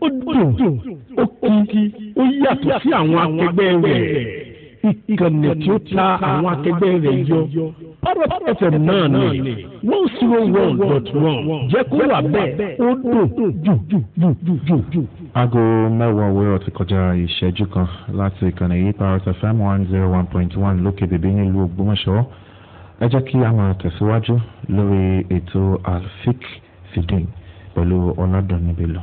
ó dùn ó kí ó yàtọ̀ sí àwọn akẹgbẹ́ rẹ̀ ìkànnì tí ó ta àwọn akẹgbẹ́ rẹ̀ yọ parrot fm náà ni one zero one dot one jẹ́ kó wà bẹ́ẹ̀ ó dùn jù jù jù jù jù jù. aago mẹ́wàá òwúrọ̀ ti kọjá ìṣẹ́jú kan láti ìkànnì yìí parrot fm one zero one point one lókè bèbí nílùú Ògbómọ̀ṣọ́ ẹ jẹ́ kí a máa tẹ̀síwájú lórí ètò alfik fìdí pẹ̀lú ọ̀nàdàn níbí lọ.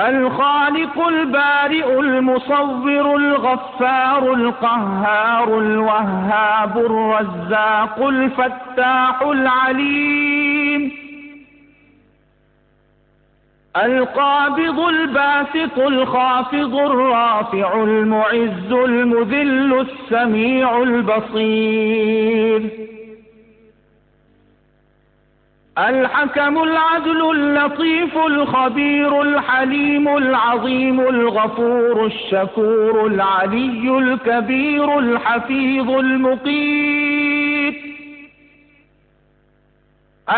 الخالق البارئ المصور الغفار القهار الوهاب الرزاق الفتاح العليم القابض الباسط الخافض الرافع المعز المذل السميع البصير الحكم العدل اللطيف الخبير الحليم العظيم الغفور الشكور العلي الكبير الحفيظ المقيت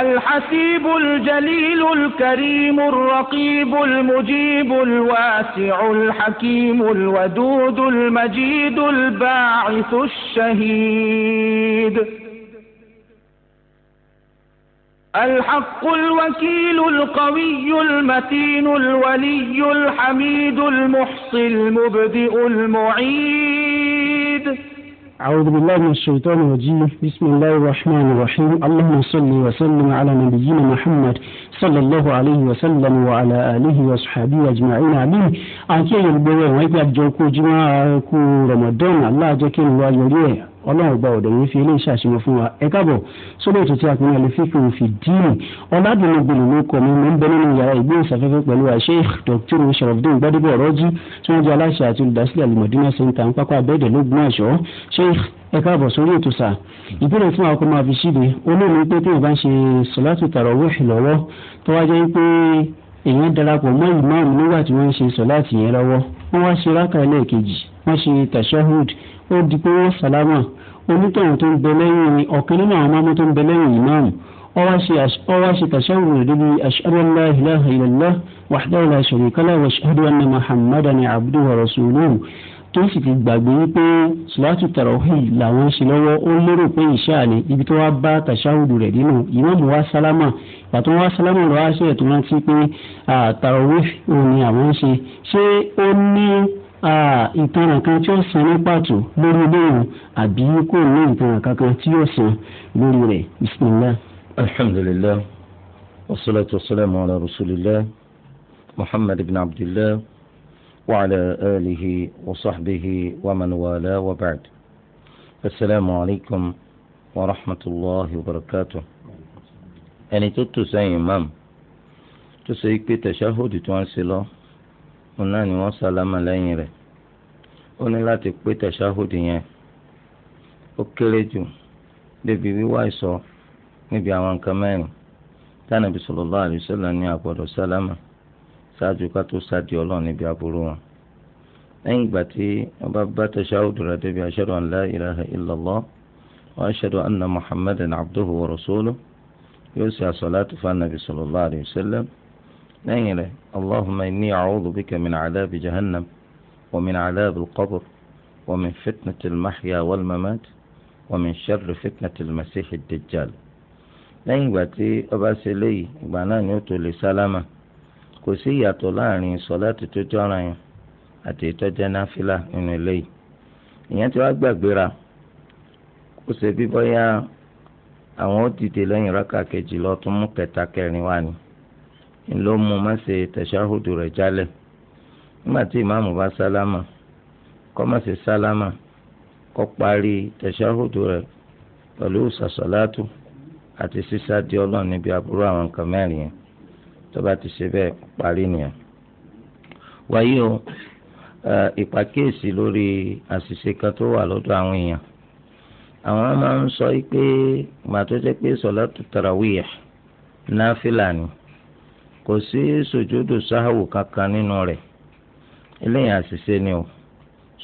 الحسيب الجليل الكريم الرقيب المجيب الواسع الحكيم الودود المجيد الباعث الشهيد الحق الوكيل القوي المتين الولي الحميد المحصي المبدئ المعيد أعوذ بالله من الشيطان الرجيم بسم الله الرحمن الرحيم اللهم صل وسلم على نبينا محمد صلى الله عليه وسلم وعلى آله وصحبه أجمعين آمين أكيد ẹ̀yẹ̀ gbogbo جوكو جماعة àjọ kó jimá kó ramadan ọlọ́run gba ọ̀dọ̀ yìí fi eléyìí ṣàṣeyọ fún wa ẹ káàbọ̀ sórí ètò tí a pè ní àlefífẹ́ òfin díìnì ọ̀làdùnú gbòòlù ló kọ́ mi mo ń bẹ nínú yàrá ìgbóhùnsáfẹ́fẹ́ pẹ̀lú àṣẹ dr sharafdin gbadebo ọ̀rọ́jì tí wọ́n jẹ́ aláṣẹ àti olùdásílẹ̀ alimọ̀dínà center ń pápá abẹ́ẹ̀dẹ̀ lógún àṣọ ṣe ẹ káàbọ̀ sórí ètò sà ìbéèrè fún àwọn ọkọ̀ máa fi ṣíde olóòmí pé tí ìbá ń ṣe sọ̀látù tàràwíhì lọ́wọ́ èèyàn darapọ̀ mọ́ ìmáàmù nígbà tí wọ́n ń ṣe sọ̀látù yẹn lọ́wọ́ wọ́n wá ṣe rákà lẹ́ẹ̀kejì wọ́n ṣe tashahud ó di pé wọ́n sàlámà onítọ̀hún tó ń bẹ lẹ́yìn ọ̀kan nínú àwọn ọmọ tó ń bẹ lẹ́yìn ìmáàmù wá ṣe tashahud rẹ̀ débi ashhadu an la ilaha illallah wahdahu la sharika lahu wa ashhadu anna muhammadan abduhu wa rasuluhu tó sì ti gbàgbé wípé sùlátù tàràwí làwọn ń ṣe lọ́wọ́ ó lérò pé ìṣáà ni ibi tó wá bá tàṣáwùdù rẹ̀ nínú ìmáàmù wa sálámà pàtó wá sálámà lọ́wọ́ àṣẹ ẹ̀ tó rántí pé tàràwí òun ni àwọn ń ṣe ṣé ó ní ìtanràn kan tí ó san ní pàtó lórí lóhùn àbí kò ní ìtanràn kankan tí ó san lórí rẹ̀ bismillah. alhamdulilayi wasalaatu wasalaamu ala rasulillah muhammad ibn abdillah. وعلى آله وصحبه ومن والاه وبعد السلام عليكم ورحمة الله وبركاته ẹni tó tò sẹ́yìn imam tó ṣe pé tẹ̀síáhódì tó ń ṣe lọ òun náà ni wọ́n sálámà lẹ́yìn rẹ̀ ó ní láti pé tẹ̀síáhódì yẹn ó kéré jù débi wíwá ìsọ níbi àwọn nǹkan mẹ́rin tánàbí sallallahu alaihi wasallam ní àgbọ̀dọ̀ sálámà. ṣáájú ká tó ṣáàdì ọlọ́run níbi aburú wọn. lẹ́yìn ìgbà tí wọ́n bá bá tashahhudu rẹ̀ débi ashhadu an la ilaha illallah wọ́n aṣọ́dọ̀ anna muhammed muhammadan abdulhu wọ̀rọ̀ rasuluhu yóò ṣe àsàlátù fún anabi sallallahu alayhi wa lẹ́yìn rẹ̀ allahumma inni a'udhu bika min adhabi jahannam wa min adhabi al ìgbà tí ó ṣe léyìí ìgbà náà ni ó tó lè sálámà. kò sí ìyàtọ̀ láàrin sọ̀láàtì tó jẹ́ ọ̀ranyàn àti ìtọ́jẹ́ náfìlà nínú eléyìí ìyẹn tí wàá gbàgbéra kó ṣe bí bóyá àwọn ó dìde lẹ́yìn rákà kejì mú kẹta kẹrin wá ni ló mú má ṣe tẹ̀síáhùdù rẹ̀ jálẹ̀ nígbà tí ìmáàmù bá sálámà má ṣe sálámà tó bá ti ṣe bẹ́ẹ̀ parí nìyẹn. wáyé o ìpàkíyèsí lórí àṣìṣe kan tó wà lọ́dọ̀ àwọn èèyàn àwọn máa ń sọ pé màá tó jẹ́ pé sọ̀látù tarawih náfìlà ni kò sí sòjúdù sáhàwù kankan nínú rẹ̀ eléyìí àṣìṣe ni o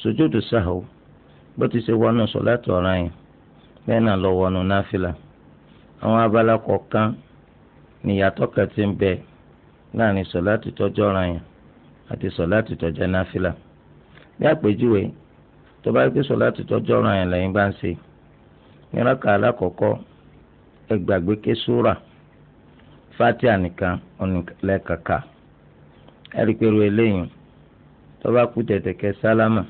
sòjúdù sáhàwù bó ti ṣe wọnú sọ̀látù ọ̀ràn yẹn bẹ́ẹ̀ náà lọ wọnú náfìlà àwọn abala kọ̀ọ̀kan níyàtọ̀ kan ti ń bẹ́ẹ̀ láàrin sọ̀láàtì tọ́jọ́ ọ̀ranyàn àti sọ̀láàtì tọ́jọ́ náfìlà bí àpèjúwe tó bá gbé sọ̀láàtì tọ́jọ́ ọ̀ranyàn lẹ́yìn bá ń ṣe ní rákà alákọ̀ọ́kọ́ ẹ gbàgbé ké súrà fatiha nìkan ọ̀nìlẹ́kàkà ẹ rí i pé ru eléyìí tó bá kú tètè kẹ́ sálámà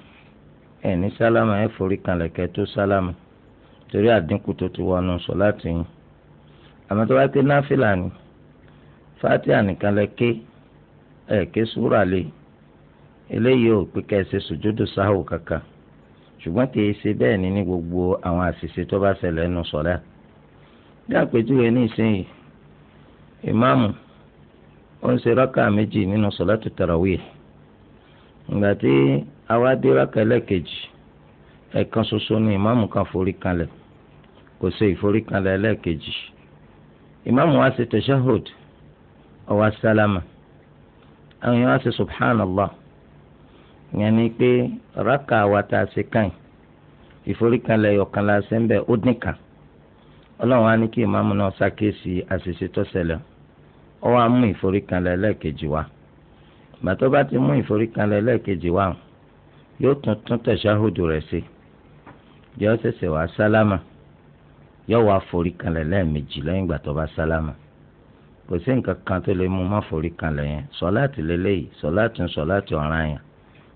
ẹ ní sálámà ẹ forí kanlẹ̀ kẹ́ tó sálámà torí àdínkù tó ti wọnú sọ̀láàtì yìí àmọ́ tó bá gbé náfìlà ni. fatiha nìkan lẹ ké ẹ ké súra lé eléyìí ò pé ká ẹ ṣe ṣùgbọ́n kì í ṣe bẹ́ẹ̀ ní gbogbo àwọn àṣìṣe tó bá ṣẹlẹ̀ ẹnu sọ̀rọ̀ bí àpèjúwe ní ìsinyìí ìmáàmù ó ń ṣe rákà méjì nínú ìgbà tí dé rákà ẹlẹ́ẹ̀kejì ẹ̀ẹ̀kan ṣoṣo ni ìmáàmù kan forí kanlẹ̀ ọwọ́ sálámà àwọn yẹn wá sí subhanallah ìyẹn ni pé rákà wa ṣe kàn ìforíkanlẹ̀ ọ̀kan la ṣe ń bẹ̀ ó dín kan ọlọ́run á ní kí ìmáàmù náà ṣàkíyèsí àṣìṣe tó ṣẹlẹ̀ ó ti mú lẹ́ẹ̀kejì wá yóò kò sí nǹkan kan tó lè mú má forí kalẹ̀ yẹn sọláàtì lélẹ́yìí sọláàtì ń sọláàtì ọ̀ràn yẹn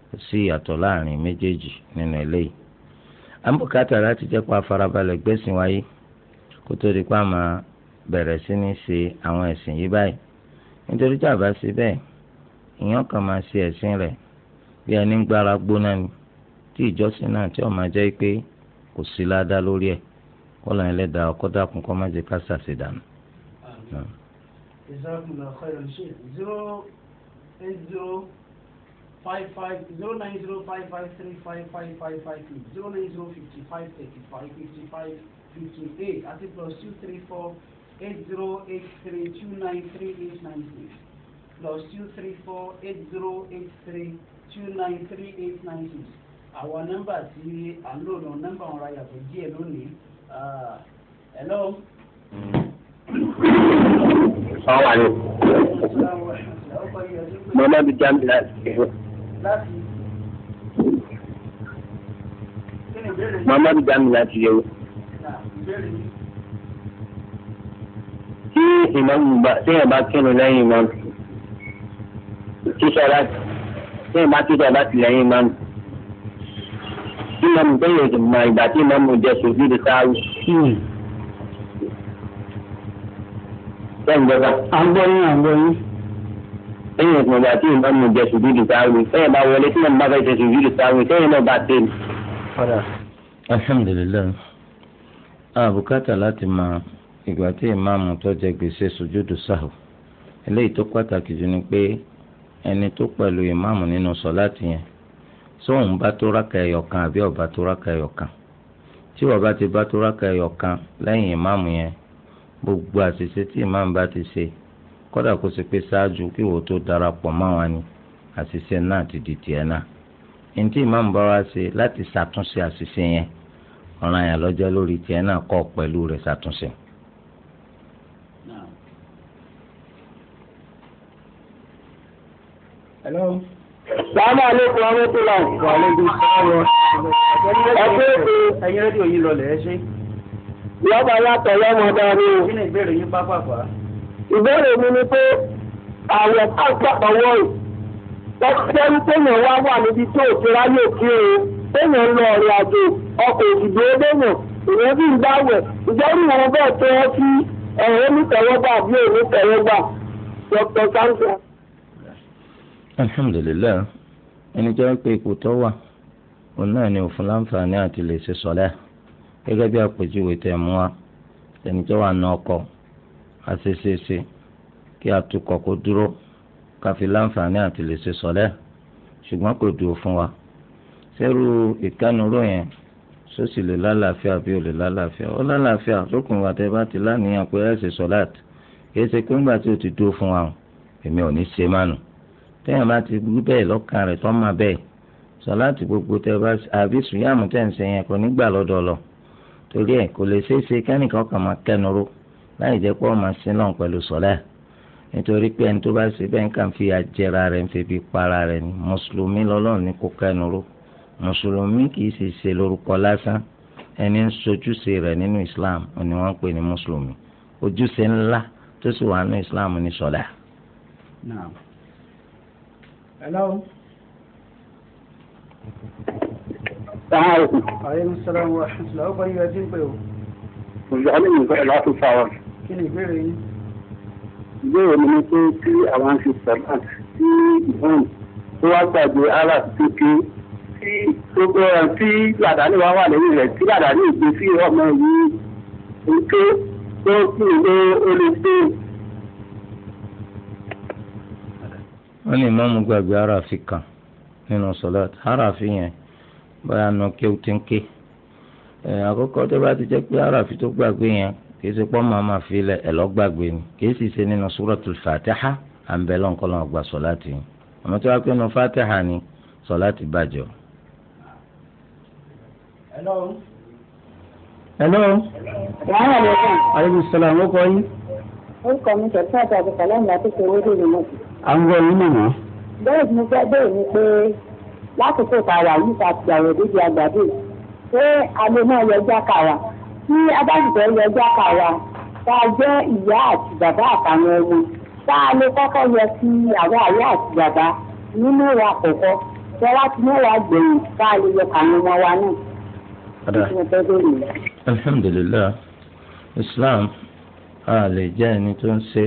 kò sí ìyàtọ̀ láàrin méjèèjì nínú eléyìí. àmúkàtà láti jẹ́ pa farabalẹ̀ wáyé kó tó di pa máa bẹ̀rẹ̀ sí ní ṣe àwọn ẹ̀sìn yìí báyìí nítorí tí a bá ṣe bẹ́ẹ̀ èèyàn kan máa ṣe ẹ̀sìn rẹ̀ bí ẹni ń gbára gbóná jazakumullahu khairan sheikh zero eight zero five five zero nine zero five five three five five five five zero nine zero fifty five thirty five fifty five fifty eight plus two three four eight zero eight three two nine three eight nine six plus two three four eight zero eight three two nine three eight nine six àwọn nọ́mbà tí à ń lò lọ ah, hello. Mm. Assalamu alaikum. Muhammadu Jamiu láti Èkó. Muhammadu Jamiu láti Èkó. Tí ìmọ̀mù bá téèyàn bá kírun lẹ́yìn ìmọ̀mù, kíṣọ́ láti téèyàn bá kíṣọ́ láti lẹ́yìn ìmọ̀mù imam bẹ́ẹ̀ yẹ kí n mọ ìgbà tí imam jẹ sojú de sáré. sẹ́yìn bọ́tà. àgbọ̀yìn àgbọ̀yìn. ẹ̀yìn ìpín ìgbà tí ìbá mi jẹ sùdúdù sáwìn sẹ́yìn bá wọlé tí ìbá fẹ́ jẹ sùdúdù sáwìn sẹ́yìn náà bá tẹ̀ alhamdulilayi àbùkátà láti mọ ìgbà tí ìmáàmù tó jẹ gbèsè sáà eléyìí tó pàtàkì jù ni pé ẹni tó pẹ̀lú ìmáàmù nínú yẹn sóun bá tó rákà ẹyọ kan àbí ọba tó rákà ọba ti bá tó rákà ẹyọ kan gbogbo àṣìṣe tí imam bá ti ṣe kódà kó ṣe pé ṣáájú kí wò tó darapọ̀ máwọn ni àṣìṣe náà ti di tiẹ̀ náà ní tí imam bá wá ṣe láti ṣàtúnṣe àṣìṣe yẹn ọ̀ràn yẹn lọ́jọ́ lórí tiẹ̀ náà kọ́ pẹ̀lú rẹ̀ ṣàtúnṣe. Hello. Sàmà àlékún ọmọ tó lọ. Wà á lè dùn sí ọ̀rọ̀. Ẹ ẹ ṣe yọba yàtọ̀ yọmọ dání o. kí ni ìbéèrè yín pápákọ̀ ìbéèrè mi ni pé àwẹ̀ pàpàpọ̀ wọ̀nyí lọ́sẹ̀ ń tẹ̀yàn wá wà níbi tó o ráyè kí o tẹ̀yàn lọ ọ̀rẹ́ àjò ọkọ̀ òṣìṣẹ́ ẹgbẹ̀yàn ìyẹn bí ń dáwẹ̀ ìjọ́rú wọn bẹ́ẹ̀ tó wọ́n fi ẹ̀rọ nítẹ̀wọ́gbà bí ò nítẹ̀wọ́gbà Dr. Samuel. alhamdulilayi ẹni jẹ́ pé ipò tó wà òun náà ni òfin láǹfààní àti lè ṣe sọ́lẹ́ gẹ́gẹ́ bí àpèjúwe tẹ̀ mú wa ẹni tó wà ní ọkọ̀ àṣeṣeṣe kí atukọ̀ kó dúró káfí láǹfààní àti lè ṣe sọ̀lẹ́ ṣùgbọ́n kò dúró fún wa sẹ́rù ìkánuró yẹn sósì lè lálàáfíà bí ò lè lálàáfíà ó lálàáfíà lókun wa tẹ bá ti láníyàn pé ẹ ṣe sọ̀láàt kìí ṣe pé ńgbà tí o ti dúró fún wa o èmi ò ní ṣe mánu tẹ́yìn bá ti gbú bẹ́ẹ̀ lọ́kàn rẹ̀ tọ́ máa bẹ́ẹ̀ sọ̀láàt gbogbo tẹ bá àbí sùn yàmù tẹ̀ ń ṣe yẹn kò ní gbà lọ́dọ̀ lọ́ọ́ torí ẹ̀ kò lè ṣeé ṣe kẹ́nìkan kàn máa kẹnuró láì jẹ́ pé ọmọ sí náà pẹ̀lú sọ́lá nítorí pé ẹni tó bá ṣe bẹ́ẹ̀ kàn fi àjẹra rẹ̀ ń febi para rẹ̀ ni mùsùlùmí lọ́lọ́run ní kó kẹnuró mùsùlùmí kì í sì ṣe lórúkọ lásán ẹni ń sojúṣe rẹ̀ nínú Islam ni wọ́n ń pè ní mùsùlùmí ojúṣe ńlá tó sì wà nínú Islam ní sọ́lá. Hello salaamaaleykum. aleykum salaam wa rahmatulah ọkọ yìí ẹtí ń pè o. òjò alẹ́ yìí bẹ́ẹ̀ láti fa wa. kí ni ìbéèrè yín. ìbéèrè mi ni pé kí àwọn ṣe sàlát sí ìhàn tó wá gbàgbé ara tó ké tí gbogbo ẹ̀ tí làdáni wa wà lẹ́yìn rẹ̀ tí làdáni ìgbé sí ọmọ yìí ń ké tó kù lé olùgbé. wọ́n lè má mú gbàgbé ara fi kàn nínú sọ́láàtì ara fi yẹn bóyá nu kéwù tí ń ké ẹ àkọ́kọ́ tó bá ti jẹ́ pé aráàfin tó gbàgbé yẹn kìí ṣe pọ́n màmá fi lẹ̀ ẹ̀ lọ́ gbàgbé ni kìí sì ṣe nínú suratul fatiha àǹbẹ̀lọ́ nǹkan lọ́wọ́ gbà sọ láti yín àmọ́ tó bá pé nínú fatiha ni sọ láti bàjọ́. hello. hello. wàhálà lè kàn. aleykum salaam ó kọ́ yín. ó kọ́ mi tẹ̀sí àti àbùkálẹ́ ìlà tó ṣe wéde lè mọ̀. à ń gbọ́ yín nìyẹn. bẹ́ẹ̀ ni mo fẹ́ bẹ́ẹ̀ ni pé lásìkò tààrà yìí ká ti àwọn òdòdó àgbàdo pé aago náà yọjá kàrà tí adájútọ̀ yọjá kàrà tá a jẹ́ ìyá àti bàbá àtàwọn ọmọ tá a lè kọ́kọ́ yọ sí àwọn àyà àti bàbá nínú ìwà àkọ́kọ́ tí wọ́n ti mú wa gbẹ̀yìn tá a lè yọ kàwọn ọmọ wa náà. alhamdulilayi islam a lè jẹ́ ẹni tó ń ṣe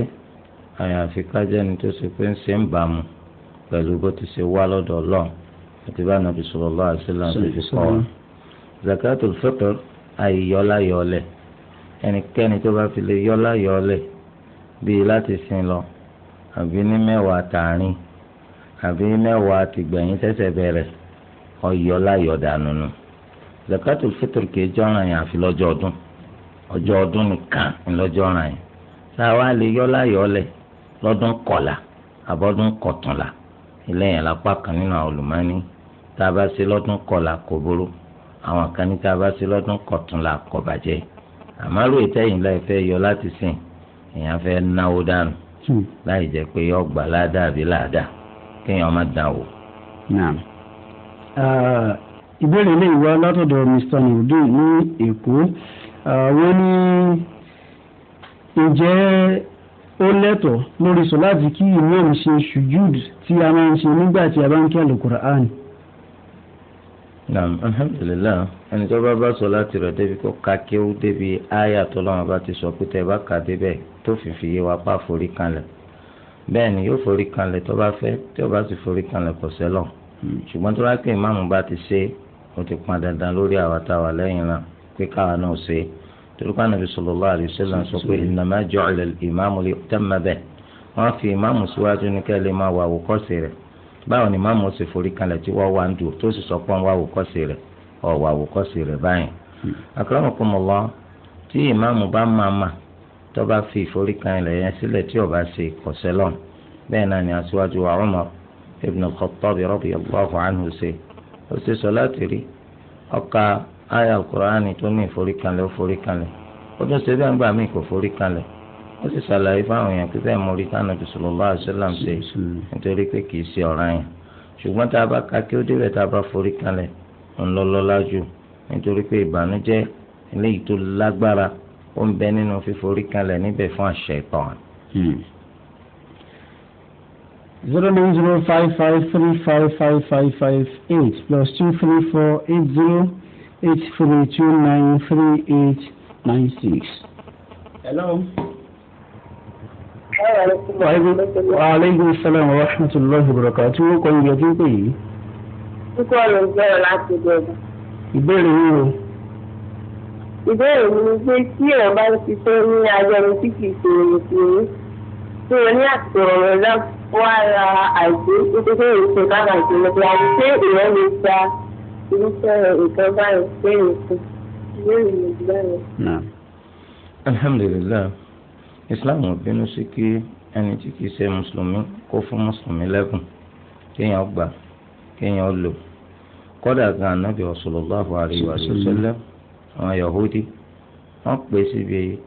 àyàfi ká jẹ́ ẹni tó ṣe pé ń ṣe ń bàmù pẹ̀lú bó ti ṣe wá lọ́dọ̀ ọlọ́run àti bá nàbì sallallahu alaihi wasallam fi kọ́ wa zakatul fitr àìyọ́lá yọ̀ọ́lẹ̀ ẹnikẹ́ni tó bá fi lè yọ́lá yọ̀ọ́lẹ̀ bíi láti sin lọ àbí ní mẹ́wàá tààrin àbí mẹ́wàá tìgbẹ̀yìn ṣẹ̀ṣẹ̀ bẹ̀rẹ̀ ọ̀yọ́lá yọ̀ọ́dànù nù zakatul fitr kìí jọ́ràn yẹn àfi lọ́jọ́ ọdún ọjọ́ ọdún nìkan ńlọ́jọ́ ràn yín táwa lè yọ láyọ̀ọ́lẹ̀ lọ́dún kọ̀la àbọ̀dún kọ̀tùnla ilé yẹn lápá kan nínú àwọn olùmọ́ni tá a bá ṣe lọ́dún kọlà kò burú àwọn kan ní tá a bá ṣe lọ́dún kọtùnlá kò bàjẹ́ àmọ́ àrò ìtẹ̀yìn láì fẹ́ yọ láti sìn èèyàn fẹ́ náwó dànù hmm. láì jẹ́ pé ọgbà ládàá àbí ládàá kéèyàn má dàn wò. Ah, ìbéèrè ilé ìwé látọ̀dọ̀ Mr. nudu ní Èkó ah, wọ́n ní ǹjẹ́ ó lẹ́tọ̀ọ́ lórí sọ láti kí ìwé òun ṣe ṣùjúd tí a máa ń ṣe nígbà tí a bá ń kí àlùkùránì naam alhamdulilayi ẹni tó bá bá sọ láti rẹ débi kó ka kéwú débi àyà tó lọ́wọ́ bá ti sọ pé tẹ bá kà débẹ̀ tó fìfì yé wa pa forí kanlẹ̀ bẹ́ẹ̀ ni yóò forí kanlẹ̀ tó bá fẹ́ tí ó bá sì forí kanlẹ̀ kò sẹ́lọ̀ hmm. ṣùgbọ́n tó bá pè máàmù bá ti ṣe ó ti pọn dandan lórí àwa tá a wà lẹ́yìn náà pé káwa náà ṣe torí pé Ànábì sallallahu sọ pé innama ju'ila al-imamu fi ìmáàmù síwájú ní kẹ́lẹ́ máa wà àwòkọ́ṣe rẹ̀ báwo ni máàmù ṣe forí kalẹ̀ tí wọ́n wá ń dùn tó sì sọ pé wọ́n wá àwòkọ́ṣe rẹ̀ ọ̀wọ́ àwòkọ́ṣe rẹ̀ báyìí. akramakumullah tí ìmáàmù bá máa mà tó bá fi ìforí kalẹ̀ yẹn sílẹ̀ tí ò bá bẹ́ẹ̀ náà ni aṣíwájú wa ibn al-Khattab radiyallahu anhu ṣe ó ṣe sọ̀láàtì rí ọkà ayé tó ní ìforí kalẹ̀ ó forí ó tún ṣe ó sì ṣàlàyé fáwọn èèyàn pé bẹ́ẹ̀ mo rí kánà bí sallallahu alaihi wasallam ṣe nítorí pé kì í ṣe ọ̀ràn yẹn ṣùgbọ́n tá a bá ka kí ó débẹ̀ tá a bá forí kalẹ̀ ń lọ lọ́lá jù nítorí pé ìbànújẹ́ eléyìí tó lágbára ó ń bẹ nínú fíforí kalẹ̀ níbẹ̀ fún àṣẹ ìtàn. zero nine zero five five three five five five five eight plus two three four eight zero eight three two nine three eight nine six. hello. Aleykum salaam wa rahmatullahi wa barakatuh. Tí wọ́n kọ́ ibi ọdún pè yìí. Kíkọ́ ló ń bẹ̀rẹ̀ láti bẹ̀rẹ̀. Ìbéèrè yìí o. Ìbéèrè mi ni pé tí èèyàn bá ń ṣiṣẹ́ ní agbẹ́ni tí kì í ṣe èèyàn tí ó ní àtìkò ọ̀rọ̀ ẹ̀dá wá ra àìsí nítorí ìṣe káàkà ìṣẹ̀lẹ̀ pé àti pé èèyàn lè gba irúfẹ́ nǹkan báyìí pé èèyàn kù. Ìbéèrè mi bẹ́ẹ̀ ni. Alhamdulillah islam ò bínú sí kí ẹni tí kìí ṣe mùsùlùmí kó fún mùsùlùmí lẹ́bùn kéèyàn gbà kéèyàn lò kódà gan anabi sallallahu alaihi wa sallam àwọn yahudi wọ́n pè síbi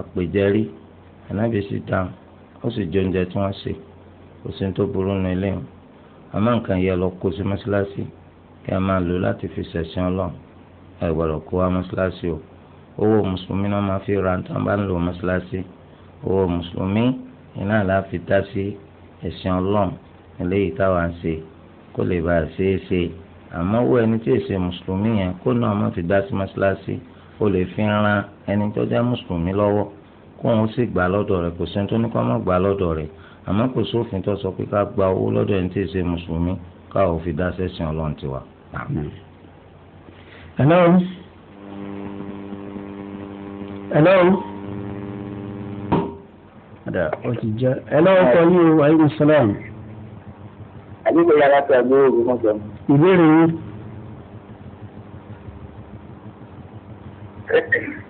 àpèjẹrí anabi sì dáhùn ó sì jẹ oúnjẹ tí wọ́n sè kò sí tó burú nu ilé wọn àmọ́ nǹkan yẹ lọ kó sí mọ́ṣáláṣí kí a máa lò láti fi ṣẹ̀sìn ọlọ́run ẹ̀ gbọ́dọ̀ kó wa mọ́ṣáláṣí o owó mùsùlùmí náà máa fi ra nǹkan bá ń lò mọ́ṣáláṣí owó mùsùlùmí iná láfi dá sí ẹ̀sìn ọlọ́run eléyìí táwa ń ṣe kó lè bá a ṣe é ṣe àmọ́ owó ẹni tí èsè mùsùlùmí yẹn kó náà má fi dá sí mọ́ṣáláṣí ó lè fi ran ẹni tó jẹ́ mùsùlùmí lọ́wọ́ kó òun sì gbà lọ́dọ̀ rẹ̀ kò sẹ́ni tó ní kó má gbà lọ́dọ̀ rẹ̀ àmọ́ kò sófin tó sọ pé ká gba owó lọ́dọ̀ ẹni tí èsè mùsùlùmí ká ò fi dá sẹ́sìn ọlọ́run tiwa. hello hello. Ada ó ti jẹ́. Ẹ lọ́wọ́ kọ ní o, aleykum salaam. Àdúgbò yàrá tó àgbé òògùn mọ́ sọ. Ìbéèrè yín.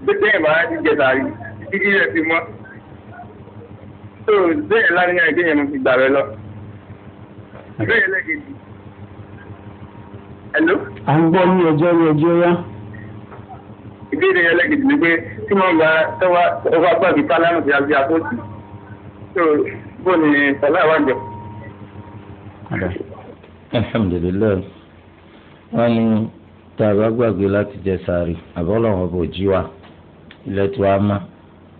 Bẹ́ẹ̀ máa ti jẹ tàrí, títí rẹ̀ ti mọ́. Tó bẹ́ẹ̀ láníyàn ìgbéyàn mo ti gbà rẹ lọ. Bẹ́ẹ̀ lẹ́gẹ̀dì. Hello. À ń gbọ́ ní ọjọ́ ní ọjọ́ yá ìbéèrè ẹlẹ́gìdì ni pé tí wọ́n gba tọ́wọ́ gbàgbé pálámù sí àbí àpótí so bó ni sàlá wà jọ. alhamdulilayi wọn ní tá a bá gbàgbé láti jẹ sàárì àbọ̀lọ́wọ́ bò jí wa ilẹ̀ tí wàá má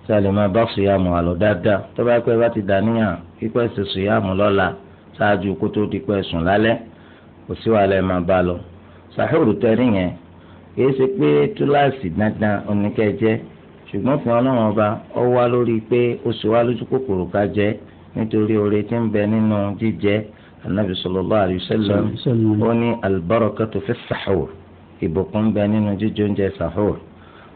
tí a lè máa ti dàníyàn pípẹ́ sí sùyàmù lọ́la ṣáájú kó tó di pẹ́ sùn lale. kò sí wàhálà ẹ̀ máa bá lọ. sàhóòrù tẹ́rí yẹn kì í ṣe pé túláàsì dandan oníkẹ́jẹ́ ṣùgbọ́n fún ọlọ́run ọba ọ wá lórí pé ó sì wá lójú kòkòrò ká jẹ nítorí oore tí ń bẹ nínú jíjẹ anabi sallallahu alaihi wasallam ó ní albarakatu fi sahur ìbùkún bẹ nínú jíjẹ oúnjẹ sahur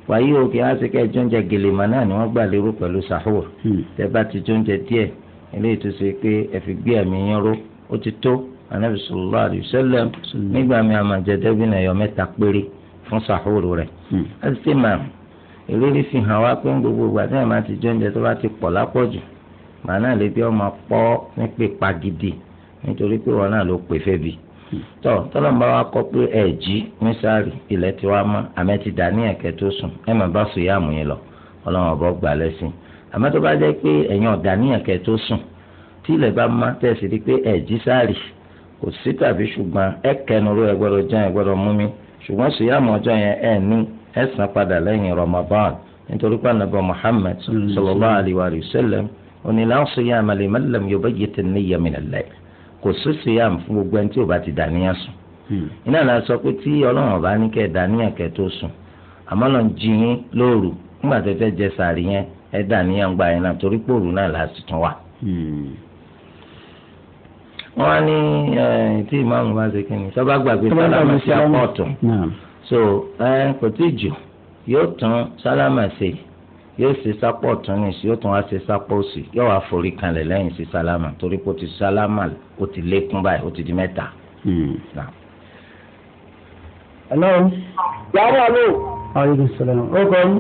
wàyí òkè àsìkè jóúnjẹ gèlèmọ náà ni wọn gbà lérò pẹ̀lú sahur hmm. tẹ bá ti jóúnjẹ díẹ̀ eléyìí tó ṣe pé ẹ fi gbé ẹ̀mí yín ró ó ti tó anabi sallallahu alaihi hmm. nígbà mi àmàjẹdẹbìnrin ẹyọ mẹ́ta péré fún sahur rẹ ẹ sì máa ìrírí fi hàn wá pé gbogbo ìgbà tí èèyàn ti jẹ oúnjẹ tó bá ti pọ̀ lápọ̀jù màá náà lè bí ọmọ pọ́ ní pípa gidi nítorí pé wọn náà ló pè fẹ́ bi tọ́ tọ́lọ́mọba wa kọ pé ẹ̀ jí ilẹ̀ tí wàá mọ́ àmẹ́ ti dà ní ẹ̀kẹ́ tó sùn ẹ̀ mà bá sùn yá àmúyẹ lọ ọlọ́run ọ̀bọ gbà lẹ́sìn àmọ́ tó bá jẹ́ pé ẹ̀yin ọ̀dà ní ẹ̀kẹ́ tó sùn tí ilẹ̀ bá mọ́ tẹ̀sí di pé ẹ̀ jí sàrì kò sí tàbí ṣùgbọ́n ẹ̀ kẹnu ró gbọ́dọ̀ jẹun ẹ gbọ́dọ̀ mú mi ṣùgbọ́n sùn yá àmọ́ ọjọ́ yẹn ẹ̀ ní ẹ san padà lẹ́yìn Ramadan nítorí pé anabi Muhammad mm-hmm. sallallahu alayhi wa sallam onílà siyama liman lam yubayyit an-niyya min al-layl kò sí siyam fún gbogbo ẹni tí o bá ti dàníyàn sùn mm-hmm. iná la sọ pé tí ọlọ́run ọba ní kẹ́ ẹ̀ dàníyàn kẹ́ tó sùn àmọ́ lọ́n jí yín lóru nígbà tó fẹ́ jẹ sààrì yẹn ẹ̀ dàníyàn gba yẹn náà torí pòrú náà là mm-hmm. wọ́n á ní tí ìmáàmù bá ṣe kí ni sọ́ba gbàgbé sálámà sí apọ̀ so ẹ kò tí ì jù yóò tún sálámà ṣe yóò ṣe sápọ̀ tún ní sí yóò tún wá ṣe sápọ̀ sí yóò wá forí kanlẹ̀ lẹ́yìn sí sálámà torí pé ó ti sálámà ó ti lékún báyìí ó ti di mẹ́ta. Hmm. hello. yàrá mi. aleykum salaam ó kọ́ mi.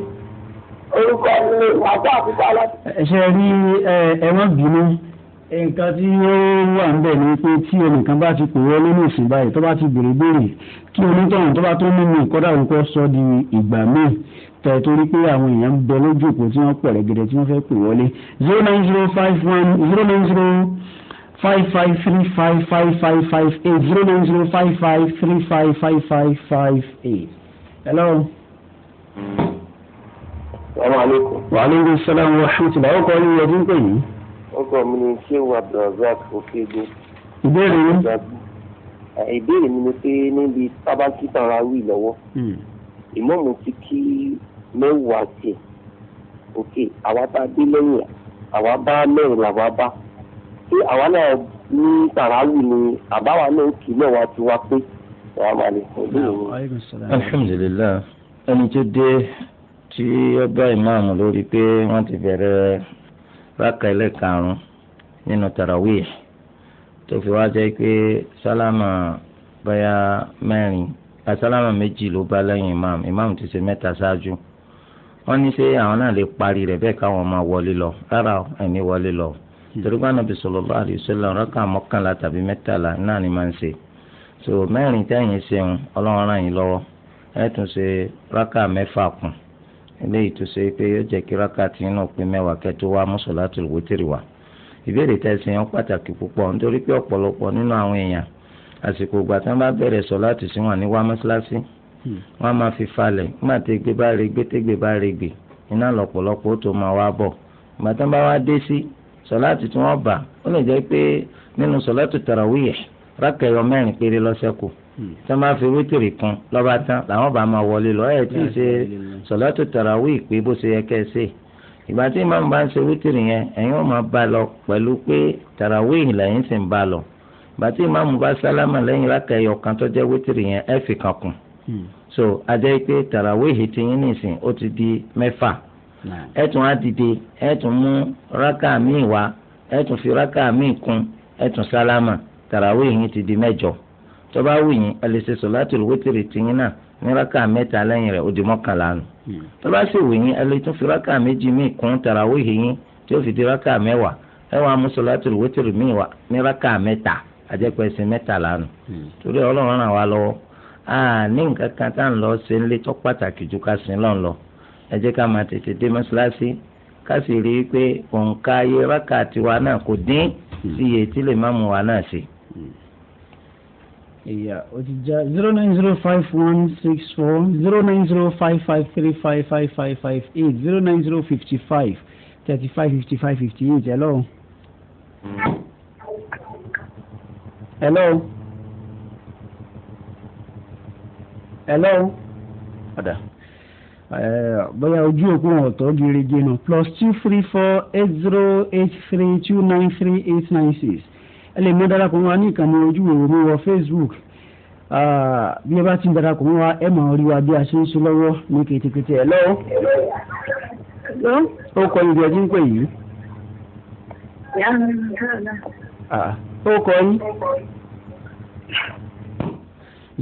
orúkọ mi ni màtá àti sálá. ṣe rí ẹ ẹ wọ́n bínú nǹkan tí ó wà ń bẹ̀ ni pé tí ẹnìkan bá ti pè wọlé ní ìsìn báyìí tó bá ti béèrè béèrè kí onítọ̀hún tó bá tó mímu ìkọ́dà orúkọ sọ di ìgbà míì tẹ̀ torí pé àwọn èèyàn ń bẹ lójú òpó tí wọ́n pẹ̀rẹ̀ tí wọ́n fẹ́ pè wọlé zero nine zero five one zero nine zero five five three five five five five eight zero nine zero five five three five five five five eight. hello. salaamaleykum. wa aleykum salaam wa rahmatulah. ọkọ yín yẹ kí n pè ọkọ mi ni ṣéwù abdulrasaq okeego. ìbéèrè yín. ìbéèrè mi ni pé níbi tábàkì tara wì lọ́wọ́ hmm. ìmọ̀ọ́mù ti kí mẹ́wàá tiẹ̀ òkè àwa bá dé lẹ́yìn àwa bá mẹ́rin làwa bá ṣé àwa náà ní tàràwì ni àbáwa náà kì í mẹ́wàá ti wá pé wàá máa lè fún un. alhamdulilayi ẹni tó dé tí ó bá ìmáàmù lórí pé wọ́n ti bẹ̀rẹ̀ rákà ẹlẹ́karùn-ún nínú tarawih tó fi wá jẹ́ pé sálámà báyà mẹ́rin sálámà méjì ló bá lẹ́yìn imam imam ti ṣe mẹ́ta ṣáájú wọ́n ní ṣé àwọn náà lè parí rẹ̀ bẹ́ẹ̀ káwọn máa wọlé lọ rárá ẹ̀ní wọlé lọ hmm. torípa nàbì sallallahu alaihi wasallam rákà mọ́kànlá tàbí mẹ́tàlá náà ni máa ń ṣe so mẹ́rin tẹ́yìn ṣeun ọlọ́run ràn yín lọ́wọ́ ẹ̀ tún ṣe rákà mẹ́fà kún eléyìí tó ṣe pé yóò jẹ́ kí rákàtì nínú pín mẹ́wàá kẹ́tó wá mú sọ̀látùl wítìrì wá ìbéèrè tẹ̀sí yẹn pàtàkì púpọ̀ nítorí pé ọ̀pọ̀lọpọ̀ nínú àwọn èèyàn àsìkò ìgbà tí wọ́n bá bẹ̀rẹ̀ sọ̀látù sí wọn ní wá mọ́ṣáláṣí hmm. wọ́n máa fi falẹ̀ nígbà tí gbé bá regbé tégbé bá regbè iná lọ̀pọ̀lọpọ̀ ó tó máa wá bọ̀ ìgbà tí wọ́n bá wá dé sí sọ̀látù tí wọ́n bà ó lè jẹ́ pé nínú sọ̀látù tàràwíyẹ̀ rákẹ̀yọ mẹ́rin péré lọ́sẹ̀kù tí wọ́n máa fi wítìrì kún lọ́ba tán làwọn bá máa wọlé lọ ẹ̀ tí ì ṣe sọ̀látù tàràwí ìpè bó ṣe yẹ kẹ́ ẹ ṣe ìgbà tí màmú bá ń ṣe wítìrì yẹn ẹ̀yin ó máa bá lọ pẹ̀lú pé tàràwí lẹ́yìn sì ń bá lọ ìgbà tí màmú bá sálámà lẹ́yìn lákàyọ̀ kan tó jẹ́ wítìrì yẹn ẹ̀ fi kan kún hmm. so ajẹ́ pé tàràwí ti yín nìsín ó ti di mẹ́fà ẹ̀ tún á dìde ẹ̀ tún mú rákà míì wá ẹ̀ tún fi rákà míì kún ẹ̀ tún sálámà tàràwí yìí ti di mẹ́jọ. tọbaa bá wù yín ẹ lè ṣe sọ̀látùl wítìrì tìyín náà ní rákà mẹ́ta lẹ́yìn rẹ̀ ó di mọ́kànlá nù. Hmm. tó sì wù yín ẹ lè tún fi rákà méjì míì kún tí ó fi di rákà mẹ́wàá ẹ mú a ní nǹkan kan tá à ń lọ ṣe ń lé tó pàtàkì ju ká sin lọ́n lọ pé òǹkà ayé rákà tiwa náà kò dín hmm. sí iye tí lè wa náà ṣe. Hmm. Yeah, ó ti já zero nine zero five one six four zero nine zero five five three five five five five eight zero nine zero fifty five thirty five fifty five fifty eight hello. hello. hello. ọ̀dà uh, bóyá ojú òkú wọn ọ̀tọ̀ gírígé náà plus two three four eight zero eight three two nine three eight nine six ẹ lè mọ darapọ̀ mọ́ wa ní ìkànnì ojú ìwò mi wọ facebook bí ẹ bá ti ń darapọ̀ mọ́ wa ẹ máa rí wa bí a ṣe ń ṣe lọ́wọ́ ní kètèkètè ẹ lọ́wọ́. ó kọ ibi ẹjí ń pè yìí. ó kọ yín.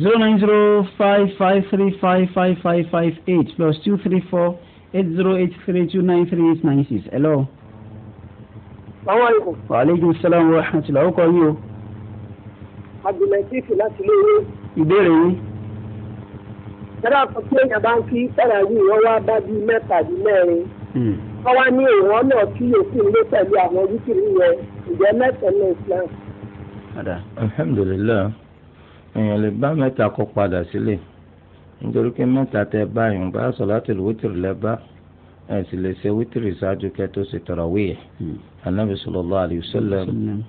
zero nine zero five five three five five five five eight plus two three four eight zero eight three two nine three eight nine six hello salaamaleykum. waaleykum salaam wa rahmatulah ọkọ yìí o. abdulatif láti léwé. ìbéèrè yìí. sẹ́dá sọ pé èèyàn bá ń kí sára yìí wọ́n wá bá bíi mẹ́ta bíi mẹ́rin. Hmm. wọ́n wá ní ìwọ́n náà kí yòókù lé pẹ̀lú àwọn yìí yẹn ìjẹ́ mẹ́ta ní islam. alhamdulilayi èèyàn lè bá mẹ́ta kó padà sílẹ̀ nítorí pé mẹ́ta tẹ báyìí bá sọ̀látùl wítìrì lẹ́ bá ẹ sì lè ṣe wítìrì ṣáájú kẹ́ tó ṣe tarawih anabi hmm. sallallahu alayhi wa sallam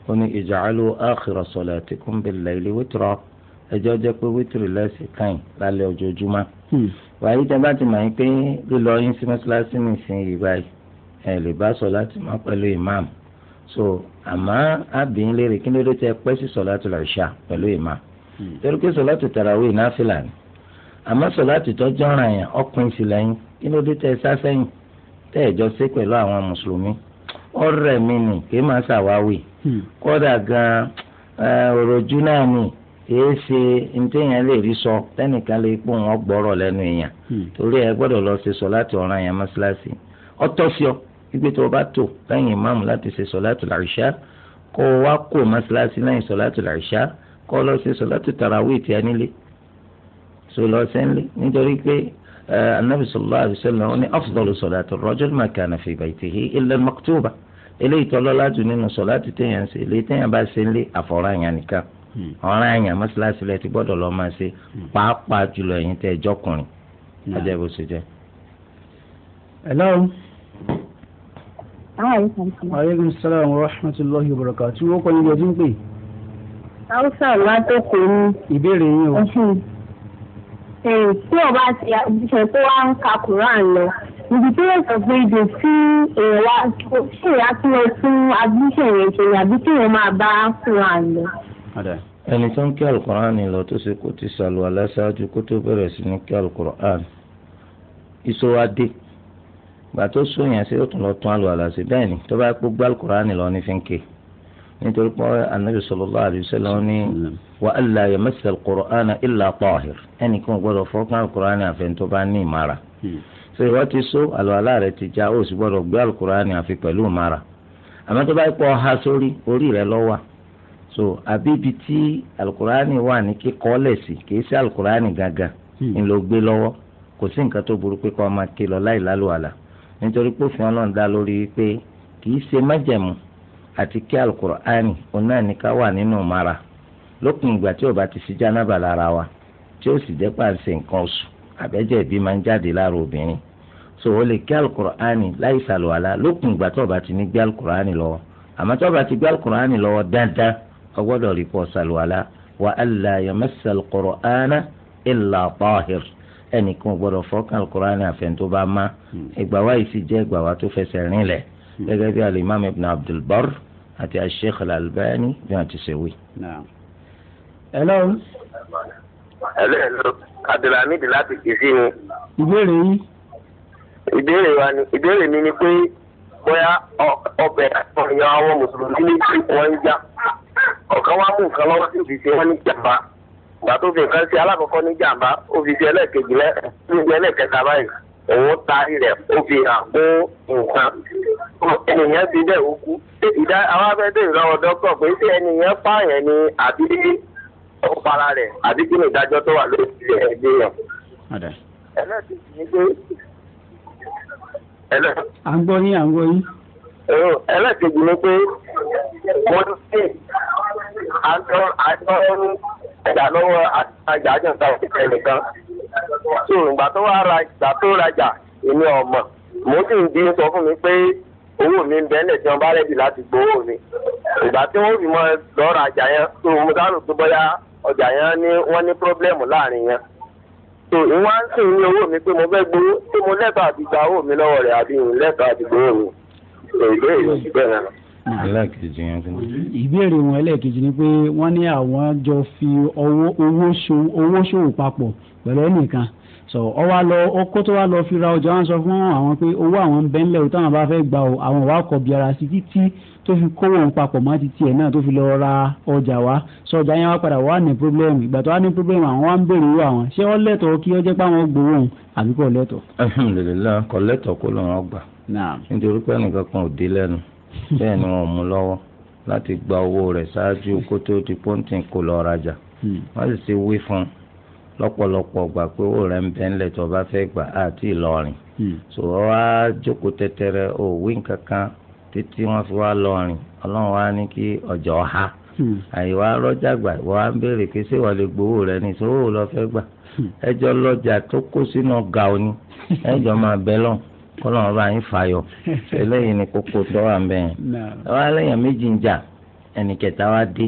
ó ní ij'alu akhira salatikum bil-layli witra ẹjọ́ jẹ́ pé wítìrì lẹ́sìn kan lálẹ́ ojoojúmọ́ hmm. wàyí tẹ́ bá ti mọ̀ pé lílọ yín sí mọ́ṣáláṣí nìsín yìí báyìí ẹ lè bá sọ láti mọ́ pẹ̀lú imam so àmọ́ àbíyín léèrè kí ló dé tẹ́ pẹ́ sí solatul isha pẹ̀lú imam hmm. torí pé solatul tarawih náfìlà ni àmọ́ solatul tó jọ̀ràn yẹn ọkùnrin sì lẹ́yìn kí ló dé tẹ́ sá sẹ́yìn tẹ́ ẹ̀ jọ ṣe pẹ̀lú àwọn mùsùlùmí ọ̀rẹ́ mi nì kí máa ṣàwáwì hmm. kódà gan òròjú náà nì kìí ṣe ntẹ́yìn lè rí sọ tẹ́nìkan lè pọ̀ wọ́n gbọ́rọ̀ lẹ́nu èèyàn hmm. torí ẹ gbọ́dọ̀ lọ ṣe sọ láti ọ̀ràn yẹn mọ́ṣáláṣí ọtọ́ sí ọ gbígbé tó o bá tò lẹ́yìn ìmáàmù láti ṣe sọ láti làrìṣà kó o wá kó mọ́ṣáláṣí lẹ́yìn sọ láti làrìṣà kó o lọ ṣe sọ láti tàràwí ìtì ẹnilé so lọ sẹ́ńlé nítorí pé النبي صلى الله عليه وسلم أن أفضل صلاة الرجل ما كان في بيته إلا المكتوبة eléyìí tọ́lọ́ láti nínú sọ̀lá ti téèyàn ṣe eléyìí téèyàn bá ṣe lé àfọ̀rọ̀àyàn nìkan ọ̀ranyàn mọ́ṣáláṣí lẹ ti gbọ́dọ̀ lọ́ọ́ máa ṣe pàápàá jùlọ ẹ̀yin tẹ́ ẹ jọkùnrin ajẹ́ bó ṣe jẹ́. hello. aleykum salaam wa rahmatulahi wa barakatuh wọ́n kọ́ yín yọjú ń pè. hausa látòkò ni. ìbéèrè yín o tí ọba ti ṣe tó wá ń ka Quran lọ ibi tí yóò sọ pé ibi tí èèyàn wá ṣe ìyá tí lọ fún abúṣe yẹn ṣe ni àbí tí èèyàn máa bá Quran lọ. ẹni tó ń kí alukoran lọ tó ṣe kó ti ṣàlùwà láṣáájú kó tó bẹ̀rẹ̀ sí ní kí alukoran ìṣòwádé gbà tó sún yẹn sí òtún lọ tún àlùwàlà sí bẹ́ẹ̀ ni tó bá gbogbo alukoran lọ ní fi ń ké nítorí pé anabi sallallahu alaihi wasallam ní wa alla yamassa al-Qur'ana illa tahir ẹnìkan gbọ́dọ̀ fọkàn al-Qur'ani àfẹnutọ bá ní ìmara hmm. so ìwọ ti so àlùwàlá rẹ ti já o sì gbọ́dọ̀ gbé al-Qur'ani àfi pẹ̀lú ìmara àmọ́ tó bá pọ ha sórí orí rẹ lọ wà so àbí ibi tí al-Qur'ani wà ní kíkọ lẹsì kì í sí al-Qur'ani gangan ńlọ hmm. gbé lọ́wọ́ kò sí nǹkan tó burú pé kó máa ké lọ láì lálùwàlà nítorí pófin Ọlọ́run dá lórí pé kì í ṣe májẹ̀mú àti kí al-Qur'ani òun náà ní ká wà nínú ìmara lópin ìgbà tí ò bá ti sí jánábà lára wa tí ó sì jẹ́ pàṣẹ nǹkan oṣù àbẹ́jẹ́ ìbí máa ń jáde lára obìnrin so o lè kí alukur'ani láì sàlùwàlà lópin ìgbà tó o bá ti ní gbé alukur'ani lọ́wọ́ àmọ́ tó o bá ti gbé alukur'ani lọ́wọ́ dáadáa o gbọ́dọ̀ rí pọ̀ sàlùwàlà wa alla yamassa alukur'ana illa tahir ẹnìkan ò gbọ́dọ̀ fọ́ọ̀kan alukur'ani àfẹn tó bá má ìgbà wa yìí sì jẹ́ ìgbà wa tó fẹsẹ̀ rìn lẹ̀ gẹ́gẹ́ bí alimami abdulbar àti asheikh alalbani bí wọ́n ti ṣe wí. Hello. Hello, hello. Abdulhamid láti kìsí ni. Ìbéèrè yìí. Ìbéèrè wa ni ìbéèrè mi ni pé bóyá ọbẹ̀ ọ̀yàn àwọn mùsùlùmí méjì wọ́n ń jà. Ọ̀kan wá mú nǹkan lọ́wọ́ sí ìfisẹ́ wọn ní jàmbá. Ìgbà tó fi nǹkan sí alákọ̀ọ́kọ́ ní jàmbá, ó fi sí ẹlẹ́ẹ̀kejì ẹlẹ́ẹ̀kẹta báyìí. Òun taari ó fi hàn nǹkan. ó para rẹ̀ àbí kí ni ìdájọ́ tó wà lórí ẹgbẹ́ yẹn. ẹlẹ́sìn ni pé ẹlẹ́. yín à yín. ni pé ní àjọ àjọ lọ́wọ́ àjọǹta nìkan tó ìgbà tó wà ra ìgbà tó rajà èmi ọ̀mọ̀ mo sì ń sọ fún mi pé owó mi ń láti gbowó mi ìgbà tí wọ́n fi mọ́ lọ́ọ́ rajà yẹn tó mo dárò tó bọ́yá ọjà yẹn ni wọ́n ní pírọ́blẹ́mù láàrin yẹn so ìwọ́n á sìn ní owó mi pé mo fẹ́ gbowó tí mo lẹ́tọ̀ọ́ àti gba owó mi lọ́wọ́ rẹ̀ àbí ìhùn lẹ́tọ̀ọ́ àti gbowó mi ìbéèrè yóò sì ìbéèrè wọn ẹlẹ́ẹ̀kejì ni pé wọ́n ní àwọn jọ fi owó ṣòwò papọ̀ pẹ̀lú ẹnìkan so ọwọ́ lọ ọkọ tó wá lọ fi ra ọjà wọn sọ fún àwọn pé owó àwọn ń bẹ́ńlẹ̀ o táwọn bá fẹ́ gbà o àwọn wá kọ̀ bí ara sí títí tó fi kówó ń papọ̀ mọ́ ti tiẹ̀ náà tó fi lọ ra ọjà wá sọ ọjà yẹn wá padà wá ní pírọ́blẹ́mù ìgbà tó wá ní pírọ́blẹ́mù àwọn wá ń béèrè owó àwọn ṣé wọ́n lẹ́tọ̀ọ́ kí ọjọ́ pé àwọn gbowó òun àbí kò lẹ́tọ̀ọ́. alhamdulilayi kò lẹ́tọ̀ọ́ kó lọ́rùn ọgbà nítorí pé ẹnìkan kan ò dé lẹ́nu bẹ́ẹ̀ ni wọ́n mú lọ́wọ́ láti gba owó rẹ̀ ṣáájú kó tó ti pọ́ǹtì kó lọ rajà hmm. wọ́n sì ti wí fún lọ́pọ̀lọpọ̀ gbà pé owó rẹ̀ ń bẹ́ ńlẹ̀ tó bá fẹ́ gbà á ti Ìlọrin hmm. so wọ́n á jókòó tẹ́tẹ́rẹ́ òwì nǹkan títí wọ́n fi wá lọrin ọlọ́run wá ní kí ọjọ́ ha hmm. àyíwá rọjà gbà wọ́n á ń béèrè pé ṣé wọ́n lè gbowó rẹ ní ìṣòwò lọ fẹ́ gbà hmm. ẹjọ́ lọjà tó kó sínú ọgà òní ẹjọ́ máa bẹ́ lọ́n kọ́lọ́run bá yín fàyọ̀ eléyìí ni kókó tó wà ń bẹ̀yẹn wọ́n á méjì ń jà ẹnì kẹta wá dé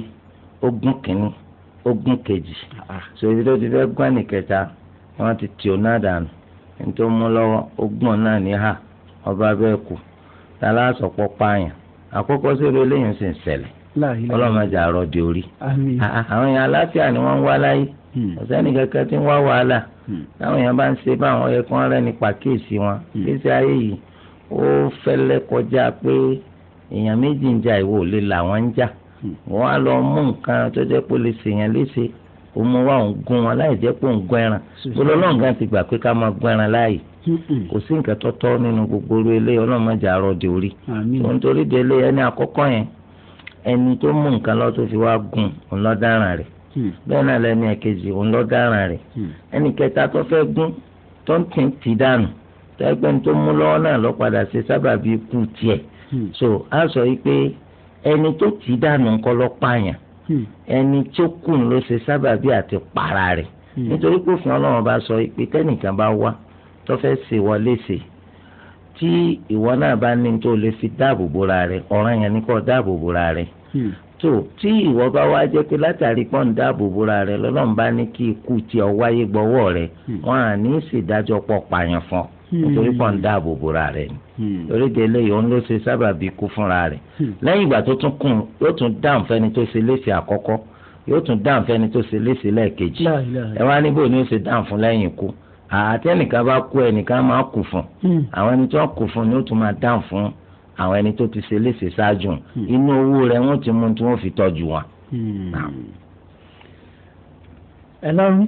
ogún kínní ogún kejì ah. so ibi tó ti fẹ́ gbọ́ ẹnì kẹta wọ́n ti tì ó náà dànù nítorí mú lọ́wọ́ ogún náà ní hà ọba bẹ́ẹ̀ kù tala sọ̀pọ̀ pààyàn àkọ́kọ́ sórí eléyìí sì ń ṣẹlẹ̀ ọlọ́mọdé àrọ́ di orí ah, ah, àwọn èèyàn aláfíà ni wọ́n ń wá láyé ọ̀sẹ́ni hmm. kankan tí ń wá wàhálà hmm. táwọn èèyàn bá ń ṣe báwọn yẹ kán rẹ́ nípa kéèsì wọn hmm. kéèsì ayé yìí ó fẹ́lẹ́ kọjá pé èèyàn méjì ń jà ìwò lè là wọ́n ń jà wọ́n á lọ mú nǹkan tó jẹ́ pé lè ṣèyàn léṣe òun mú wa ala gún wọn láì jẹ́ pé òun gún ẹran gbọ́dọ̀ ọlọ́run ti gbà pé ká máa gún ẹran láàyè kò sí nǹkan tọ́tọ́ nínú gbogbo orí eléyìí ọlọ́run mọ̀jà di orí òun torí eléyìí ẹni àkọ́kọ́ yẹn ẹni tó mú nǹkan lọ tó fi wá gún òun rẹ̀ hmm. bẹ́ẹ̀ náà lẹ́ni ẹ̀kejì òun rẹ̀ hmm. ẹni kẹta tó fẹ́ tó ń lọ padà ṣe sábàbí tiẹ̀ hmm. so sọ yìí pé ẹni tó ti dànù ńkọ́ Hmm. ẹni tí ó kù ló ṣe sábàbí àti para rẹ̀ hmm. nítorí pé òfin ọlọ́run bá sọ pé tẹ́nìkan bá wá tó fẹ́ ṣe wọlé ṣe tí ìwọ náà bá ní tó lè fi dáàbò bora rẹ̀ ọ̀ràn yẹn ni kò dáàbò bora rẹ̀ tó hmm. tí ìwọ bá wá jẹ́ pé látàrí pọ́n dáàbò bora rẹ̀ lọ́lọ́run bá ní kí ikú tí ọ wáyé gbọ́wọ́ rẹ̀ wọ́n á ní ìṣèdájọ́ pọ̀ pààyàn fún ọ. Hmm. torí kàn ń dáàbò bora rẹ̀ ni hmm. torí de eléyìí òun ló ṣe sábà bíi kú fúnra rẹ̀ hmm. lẹ́yìn ìgbà tó tún kùn yóò tún dáhùn fẹ́ni tó ṣe léṣe àkọ́kọ́ yóò tún dáhùn fẹ́ni tó ṣe léṣe lẹ́ẹ̀kejì ẹ wá níbo ni ó ṣe dáhùn fún lẹ́yìn ikú àti ẹnìkan bá kú ẹnìkan máa kù fún àwọn ẹni tó kù fún ni ó tún máa dáhùn fún àwọn ẹni tó ti ṣe léṣe ṣáájú inú owó rẹ̀ wọ́n ti mú tí wọ́n fi tọ́jú wọn. ẹ lọ́rùn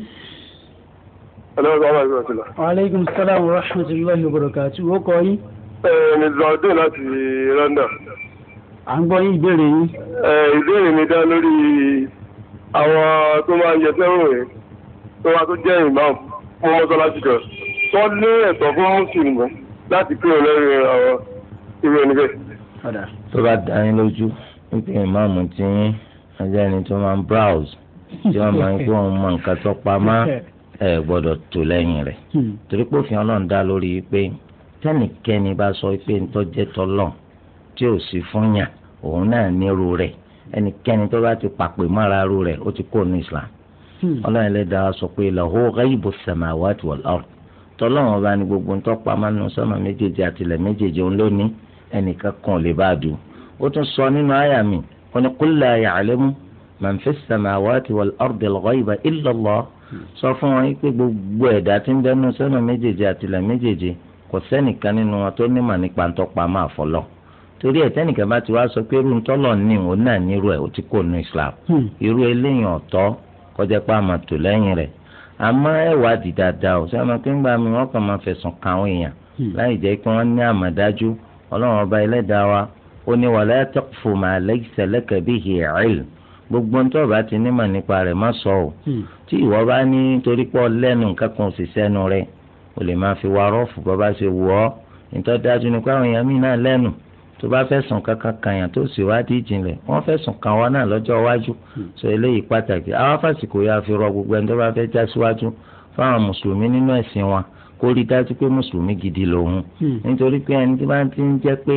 aleykum salaam wa rahmatulahi wa barakatu o kọ yín. ẹ eh, ní zaudin láti London. à ń gbọ́ yín ìbéèrè yín. ẹ eh, ìbéèrè mi dá lórí àwọn tó máa ń yẹ sẹ́wọ̀n rẹ̀ tó wá tó jẹ́ ìmáàmù fún mọ́sálásí kan tó ní ẹ̀tọ́ fún mùsùlùmí láti kúrò lẹ́yìn àwọn ìwé níbẹ̀. tó bá dá yín lójú wípé ìmáàmù ti yín ajá ẹni tó máa ń browse tí wọ́n máa ń kó wọn mọ ẹ gbọ́dọ̀ tó lẹ́yìn rẹ̀ hmm. torí pé òfin Ọlọ́run dá lórí pé tẹnikẹ́ni bá sọ pé ntọjẹ tọlọ tí ò sí fún yàn òun náà nírú rẹ̀ ẹnikẹ́ni tó bá ti pàpè mọ́ra rú rẹ̀ ó ti kó ní Islam hmm. Ọlọ́run Ẹlẹ́dàá sọ pé lahu ghaibu samawati wal ard tọlọ́run ọba ni gbogbo ntọ pamanu sọmọ méjèèjì àtìlẹ̀ méjèèjì òun ló ẹnìkan kan ò lè bá a dùn ó tún sọ nínú àyà mi ó ní qul la ya'lamu man fis samawati wal ardil ghaiba illa Allah sọ fún wọn pé gbogbo ẹ̀dá tí ń bẹ́nu sọ́nà méjèèjì àtìlẹ̀ méjèèjì kò sẹ́nìkan nínú wọn tó nímọ̀ nípa ń tọ́pa máa fọlọ́ torí ẹ̀ tẹ́nìkan bá ti wá sọ pé irú ntọ́lọ̀ ní òun náà ní irú ẹ̀ ó ti kó nu Islam hmm. irú eléyìí ọ̀tọ̀ kọjá pé àmọ̀ tò lẹ́yìn rẹ̀ àmọ́ ẹ̀wà dì dáadáa ò sọ́nà pé ńgbà mi wọ́n kàn máa fẹ̀sùn kàn èèyàn hmm. láì jẹ́ pé wọ́n ní àmọ̀dájú ọlọ́run ọba ilm gbogbo ntọ́ bá ti nímọ̀ nípa rẹ̀ má tí ìwọ bá ní torí pọ̀ lẹ́nu nǹkan kan òṣìṣẹ́ nu rẹ̀ o lè máa fi wá rọ́ọ̀fù bọ́ bá ṣe wù ọ́ nítorí dájú ni pé àwọn èèyàn míì náà lẹ́nu tó bá fẹ̀sùn kankan kan yàn tó sì wádìí ìjìnlẹ̀ wọ́n fẹ̀sùn kan wá náà lọ́jọ́ iwájú hmm. sọ eléyìí pàtàkì àwọn fásitì yà fi rọ gbogbo ẹni tó bá fẹ́ já síwájú fáwọn mùsùlùmí nínú ẹ̀sìn wọn kó rí dájú pé mùsùlùmí gidi lòun hmm. nítorí pé ẹni tí bá ti ń jẹ́ pé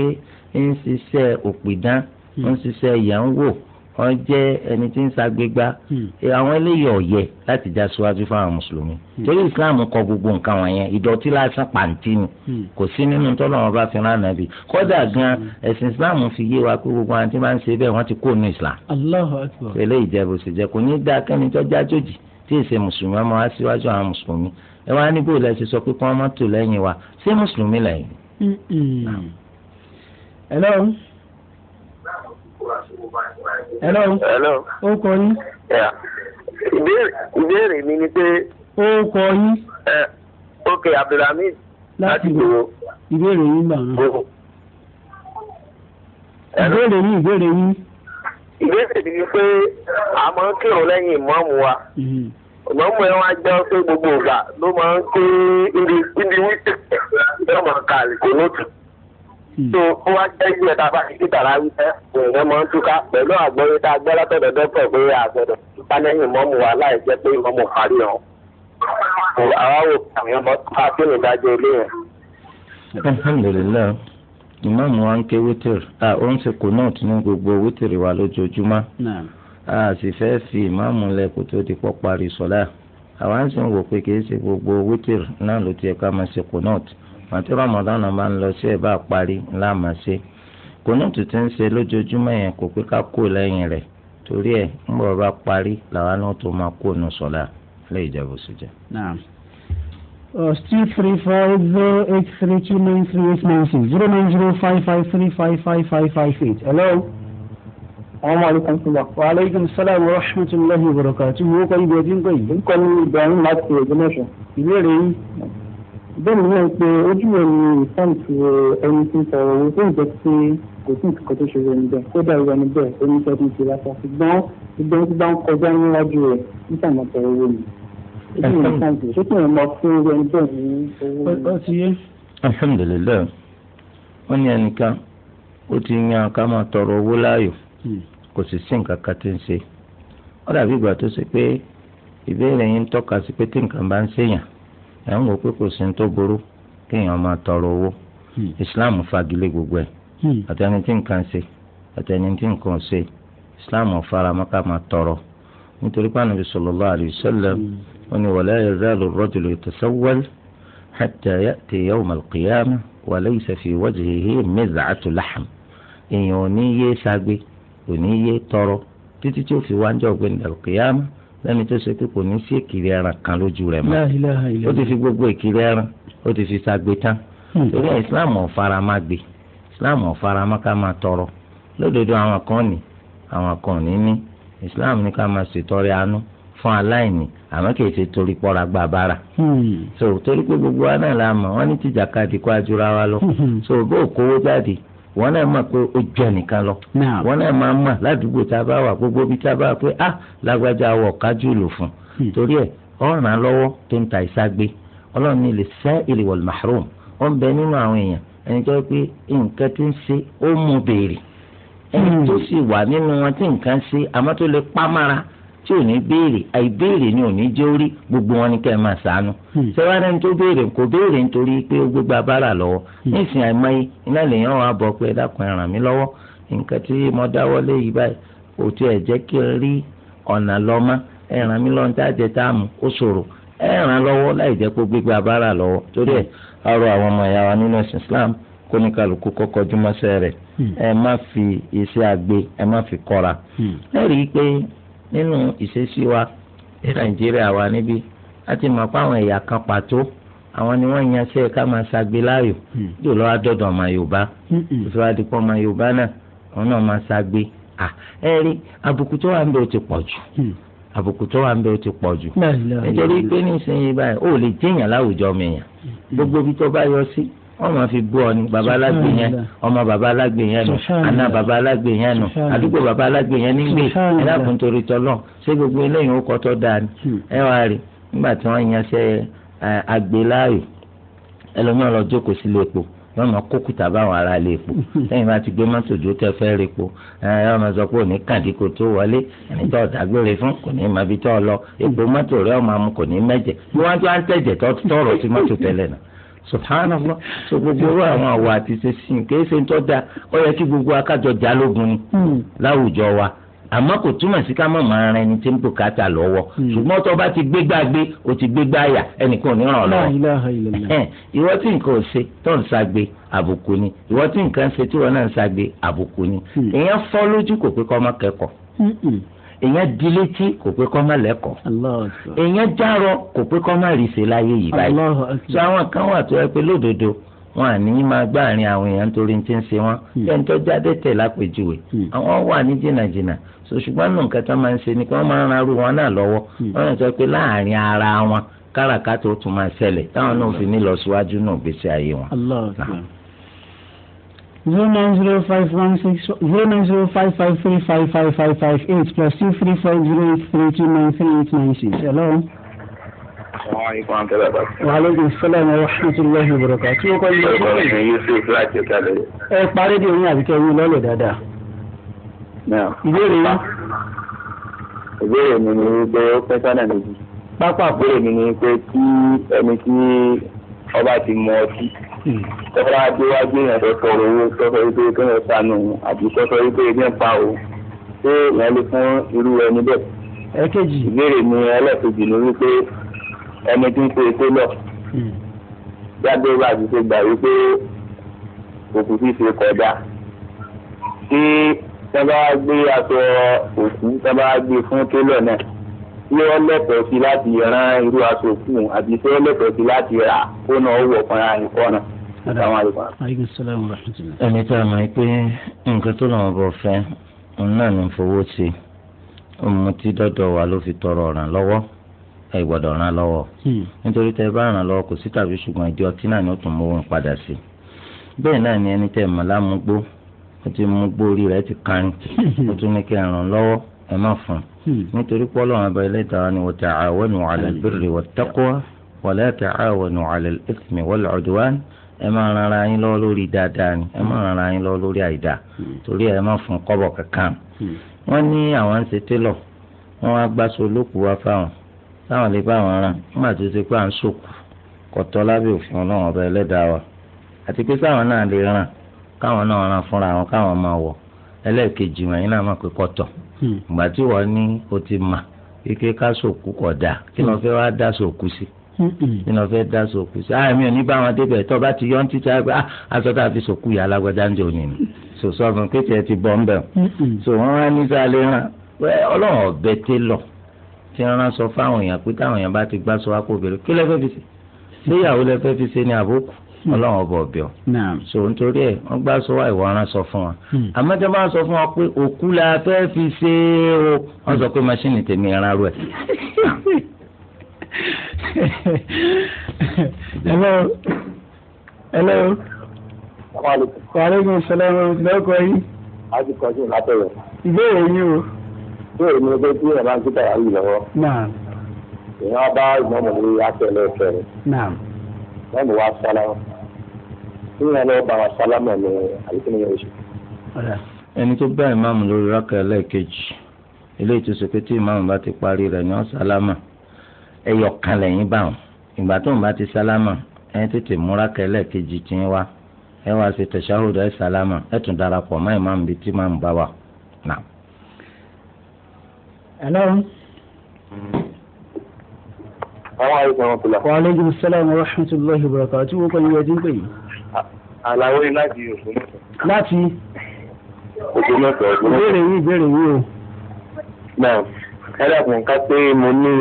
ń ṣiṣẹ́ òpìdán hmm. ń ṣiṣẹ́ yẹn ń wò wọ́n jẹ́ ẹni tí ń ṣàgbégbá hmm. àwọn eléyìí ọ̀yẹ láti já síwájú fáwọn mùsùlùmí hmm. torí islam kọ gbogbo nǹkan wọ̀nyẹn ìdọ̀tí lásán pàǹtí ni hmm. kò sí nínú tọ́lọ̀ wọn bá fi rán ànábì kódà gan ẹ̀sìn islam fi yé wa pé gbogbo àwọn tí wọ́n ń ṣe bẹ́ẹ̀ wọ́n ti kó nu islam. eléyìí jẹ́ bó ṣe jẹ́ kò ní dáa kẹ́ni tó já jòjì tí èsè mùsùlùmí ọmọ wa síwájú àwọn mùsùlùmí ẹ wá níbo ilẹ̀ ṣe sọ pé kí wọ́n má tò lẹ́yìn wa ṣé mùsùlùmí lẹ́yìn. hello. hello. hello. ó kọ yín. ìbéèrè mi ni pé. O kọ yín. ok abdulhamid láti gbòòrò. ìbéèrè yín gbà wọn. ìbéèrè yín ìbéèrè yín. ìbéèrè mi ni pé a máa ń kírun lẹ́yìn ìmọ̀ọ́mù wa mm-hmm. ìmọ̀ọ́mù ẹ̀ wá jẹ́ pé gbogbo ìgbà ló máa ń ké ibi wípé ẹ̀ máa ka tó ó wá jẹ́ ìgbẹ́ tá a bá ti kí tàrà wípé èèyàn máa ń túká pẹ̀lú àgbọ̀yé tá a gbọ́ látọ̀dọ̀ dọ́pọ̀ pé àgbẹ̀dọ̀ túká lẹ́yìn mọ́mù wa láì jẹ́ pé mọ́mù parí hàn. àwa wò àwọn ọmọ ká sí ìdájọ́ ilé yẹn. alhamdulilayi ìmáàmù wa ń ké wítìrì ó ń ṣe kùnà tí ní gbogbo wítìrì wa lójoojúmọ́ a sì fẹ́ fi ìmáàmù lẹ kó tó di pọ́ parí sọ́lá àwa ń sìn wò pé kì í ṣe gbogbo wítìrì náà ló ti ẹ̀ka máa ṣe kùnà tí àti rọmọdánù máa ń lọ sí ẹ̀ bá parí láàmásẹ́ kònútù ti ń ṣe lójoojúmọ́ yẹn kò pé ká kó lẹ́yìn rẹ̀ torí ẹ̀ ń bọ̀ bá parí làwọn náà tó máa kó nu sọ̀la lè jẹ́bù sí jẹ́. Uh, still three four zero eight three two nine three eight nine six zero nine zero five five three five five five five eight. hello. Assalamu alaikum sọlá wa aleykum salaam wa rahmatulahi wa barakatuh wo kọ́ ibi ẹ̀dínkọ́ yìí. ń kọ́ ní Ibrahim láti ẹ̀gbẹ́ mẹ́sàn-án ìbéèrè yìí bẹ́ẹ̀ ni pé ojú rẹ̀ ni ìfọ́ǹtì ẹni tí ń sọ̀rọ̀ owó tó ń jẹ́ pé kò sí nǹkan tó ṣe rẹ̀ níbẹ̀ kó dà rẹ̀ níbẹ̀ oníṣẹ́ tó ń ṣe lásán ṣùgbọ́n ṣùgbọ́n tí bá ń kọjá níwájú rẹ̀ níta mọ̀ sọ̀rọ̀ owó ni ojú rẹ̀ ìfọ́ǹtì ṣé kí wọ́n mọ fún rẹ̀ níbẹ̀ ní owó ni. ó ti yé alhamdulilayi wọn ní ẹnìkan ó ti yan ká máa tọrọ owó láàyò hmm. kò sì sí nǹkan kan tí ń ṣe ó dàbí ìgbà tó ṣe pé ìbéèrè yín tọ́ka sí pé tí nǹkan bá ń ṣèyàn ẹ̀ ń wò pé kò sí ní tó burú kéèyàn máa tọrọ owó hmm. islam fagilé gbogbo ẹ̀ hmm. àtẹni tí nǹkan ṣe àtẹni tí nǹkan ṣe islam ọ̀faramọ́ká máa tọrọ nítorí pàánù bí sallallahu alayhi wa sallam hmm. ó ní wala yazalu ar-rajulu yatasawwal hatta ya'ti yawm al-qiyamah wa èèyàn ò ní yé sagbe ò ní yé tọrọ títí tí ó fi wájú ọ̀gbìn al-qiyamah lẹ́ni tó ṣe pé kò ní sí èkìrí ẹran kan lójú rẹ̀ mọ́ ó ti fi gbogbo èkìrí ẹran ó ti fi sagbe tán hmm. torí ẹ̀ islam ò fara má gbé islam ò fara má ká máa tọrọ lódodo àwọn kan ní àwọn kan ní ní islam ní ká máa ṣètọrẹ àánú fún aláìní àmọ́ kì í ṣe torí pọ́ra gba bára. Hmm. so torí pé gbogbo wa náà la mọ̀ wọ́n ní tìjàkadì kó ajura wa lọ. Hmm. so bó kówó jáde wọn náà mọ̀ pé ó jẹ́ nìkan lọ wọn náà máa mọ̀ ládùúgbò tá a bá wà gbogbo bí tá a bá wà pé ah lágbájá wọ̀ kájú lò fún un. Hmm. torí ẹ ọràn lọ́wọ́ tó ń ta ìságbé ọlọ́run ni lè sẹ́ ìlì mahrum ó ń bẹ nínú àwọn èèyàn ẹni tó pé nǹkan tó ń ṣe ó mú béèrè ẹni tó sì wà nínú wọn tí nǹkan ṣe àmọ́ tó lè pa mára tí ò ní béèrè àìbéèrè ni ò ní jẹ́ orí gbogbo wọn ni kẹ́ ẹ máa ṣàánú. sẹ́wárí hmm. ẹni tó béèrè kò béèrè nítorí pé ó gbégbá bára lọ́wọ́ hmm. nísìnyí àìmọye iná lèèyàn wà bọ̀ pé dákun ẹ ràn lọ́wọ́ nǹkan tí mo dáwọ́ lé yìí báyìí kò tiẹ̀ jẹ́ kí n rí ọ̀nà lọ́n tá a jẹ tá a mú ó ṣòro ẹ Islam kọ́kọ́ hmm. ẹ fi iṣẹ́ àgbẹ̀ ẹ má fi kọ́ra nínú ìṣesí wa ní nàìjíríà wa níbí láti mọ̀ pé àwọn ẹ̀yà kan pàtó àwọn ni wọ́n yan ṣe ká máa ṣagbe láàyò yóò hmm. lọ́wọ́ dọ̀dọ̀ ọmọ yorùbá ìṣòro àdìpọ̀ ọmọ yorùbá náà òun náà máa ṣagbe ẹ rí àbùkù tó wà ń bẹ ó ti pọ̀ jù hmm. àbùkù tó wà ń bẹ ó ti pọ̀ jù nítorí pé nísìnyí báyìí ó lè jẹ́yàn láwùjọ mìíràn hmm. gbogbo ibi tó bá yọ sí wọn máa fi bú ọ ní baba alágbè yẹn ọmọ baba alágbè yẹn nù àná baba alágbè yẹn nù àdúgbò baba alágbè yẹn nígbè ẹ dákun torí tọlọ ṣé gbogbo eléyìí ó kọtọ dáa ni hmm. ẹ wá rí nígbà tí wọn yan ṣe àgbéláyò ẹlòmíràn lọ jókòó sílé epo wọn máa kókùtà báwọn ará ilé epo lẹ́yìn hmm. bá ti gbé mọ́tò jó tẹ fẹ́ rí epo ẹ ọmọ sọ pé òní kàdí tó wọlé ẹni tó dágbére fún kò ní máa fi tọ́ lọ epo mọ́tò rẹ ọmọ amú kò ní mẹ́jẹ bí wọ́n ti wá ń tẹ̀jẹ̀ tọ́ tọ́rọ̀ sí mọ́tò tẹ́lẹ̀ náà subhanallah so gbogbo owó àwọn àwọ̀ àti sísìn kì í ṣe ń tọ́ da ó yẹ kí gbogbo akájọ jálógun ni hmm. láwùjọ wa àmọ́ kò túmọ̀ sí ká mọ̀ máa ran ẹni tí ń bùkátà lọ́wọ́ hmm. ṣùgbọ́n tó bá ti gbé gbàgbé o ti gbé gbàyà ẹnìkan ò ní ràn lọ́wọ́ ìwọ tí nǹkan ò ṣe tó ń ṣagbe àbùkù ni ìwọ tí nǹkan ṣe tí wọn náà ń ṣagbe àbùkù ni hmm. èèyàn fọ́ lójú kò pé kọ́ ọmọ kẹ́kọ̀ọ́ èèyàn di létí kò pé kọ́ má lẹ́kọ̀ọ́ èèyàn járọ kò pé kọ́ má rí ṣe láyé yìí báyìí tí àwọn kan wà tó yẹ pé lódodo wọn à ní máa gbáàrin àwọn èèyàn nítorí ti ń ṣe wọn lẹ́yìn hmm. tó jáde tẹ̀ lápèjúwe hmm. àwọn wà ní jìnnàjìnnà ṣùgbọ́n nù nǹkan tó máa ń ṣe ni kí wọ́n máa ń rarú wọn náà lọ́wọ́ hmm. wọ́n yàn sọ pé láàrin ara wọn káràkátà ó tún máa ṣẹlẹ̀ táwọn náà fi ní lọ síwájú náà gbèsè ayé wọn zero nine zero five one six zero nine zero five five three five five five five eight plus two three four zero eight three two nine three eight nine six. hello. Wàhálẹ́gùn sọ́làmù rahmatulahi burúkà tí ó kọ́ ní ọjọ́ ìrìn Yusuf láti ìkàlẹ̀. Ẹ parí di oyin àbíkẹ́ yín lọ́lẹ̀ dáadáa. Ìbéèrè yín. Ìbéèrè mi ni pé ó pẹ́ sọ́nà méjì. Pápá ìbéèrè mi ni pé kí ẹni tí ọba ti mu ọtí tọ́lá adéwájú yẹn fẹ́ tọrọ owó sọ́sọ́ yìí pé kí wọ́n sànù àti sọ́sọ́ yìí pé ní pa o ṣé ìyẹn lè fún irú ẹni bẹ́ẹ̀. ẹ̀kejì. ìbéèrè mi ẹlẹ́kejì ni wípé ẹni tí ń pe ètò lọ. Hmm. jáde wá àti ṣe gbà wípé òkú fífi kọjá. tí tọ́lá gbé aṣọ òkú tọ́lá gbé fún télọ̀ náà. tí ó lẹ́tọ̀ọ́ sí láti iru irú aṣọ àti tí ó sí láti kó náà ó wọ̀ fúnra nìkan náà a máa pé nǹkan tó lọ́wọ́ bọ̀ fẹ́ òun náà ní fowó sí òun tí dọ́dọ̀ wa ló fi tọrọ ràn lọ́wọ́ ẹ ràn lọ́wọ́ hmm. nítorí tẹ bá ràn lọ́wọ́ kò sí tàbí ṣùgbọ́n ìdí ọtí náà ni ó tún padà sí bẹ́ẹ̀ náà ni ẹni tẹ mọ̀ gbó rẹ̀ Hmm. nítorí pọ́lọ́ àbá ẹlẹ́dàá ni wa ta'awanu 'ala al-birri wat-taqwa wa la ta'awanu 'ala al-ithmi wal-'udwan ẹ máa yín lọ lórí dáadáa ni ẹ máa lọ lórí hmm. torí ẹ má fún kọ́bọ̀ kankan. Hmm. wọ́n ní àwọn ń ṣe télọ̀ wọ́n wá wá fáwọn táwọn lè bá nígbà tó ṣe pé à ń kọ̀tọ́ lábẹ́ òfin ọlọ́run ọba ẹlẹ́dàá wa àti pé sáwọn náà lè ràn káwọn náà Hmm. ìgbà tí wọ́n ní o ti mà ike ká sòkú kọ̀ dà kí ló hmm. fẹ́ wá dá sòkú sí hmm. kí ló fẹ́ dá sòkú sí àmì ah, ò ní bá wọn débẹ̀ tó bá ti yọ ń títí àgbà aṣọ tá a fi sòkú yà alágbádá ń jẹ òní ni sòsò ọ̀gbìn kéde ẹ ti bọ̀ ń bẹ̀ so wọ́n wá ní sáà lè ràn ọlọ́run ọ̀bẹ télọ̀ tí wọn sọ fáwọn èèyàn pé táwọn èèyàn bá ti gbá sọ wá kó bèrè kí lẹ fi ṣe Hmm. ọlọ́run ọba ọ̀bẹ ọ. so nítorí ẹ wọ́n gbá sọ wá ìwọ ọ̀ràn sọ fún wa. Hmm. àmọ́ tí wọ́n bá sọ fún wa pé òkú la fẹ́ fi ṣe é o wọ́n sọ hmm. pé maṣíìnì tèmi ẹran rẹ̀. hello hello. wàhálàkùn sọlẹ́mù lọ́kọ̀ yìí. a ti kọjú látọ̀rọ̀. ìbéèrè yín o. ìbéèrè mi pé tí ìyàrá ń kíkà yàrá yìí lọ́wọ́. ìyá bá ìmọ̀mọ̀ mi yá tẹ̀lé ẹ̀fẹ̀ rẹ̀. wọ́n wa sálámù. níyàn lọ bá wa sálámà ní àbíkí níyàn oṣù. ẹni tó bá ìmáàmù lórí rákà ẹlẹ́ẹ̀kejì eléyìí tó ṣe pé tí ìmáàmù bá ti parí rẹ̀ ni wọ́n sálámà ẹyọ kan lẹ́yìn bá wọn ìgbà tó ń bá ti sálámà keji tètè mú rákà ẹlẹ́ẹ̀kejì tí ń wá ẹ wá ṣe tẹ̀síáhùdù ẹ sálámà ẹ tún darapọ̀ mọ́ ìmáàmù bíi tí ìmáàmù Wa salaam wa wa aláwọ̀ láti ògbó mẹ́ta. láti. ògbó mẹ́ta ògbó mẹ́ta. ìbéèrè yìí ìbéèrè yìí o. náà ẹ dàpọ̀ ká pé mo ní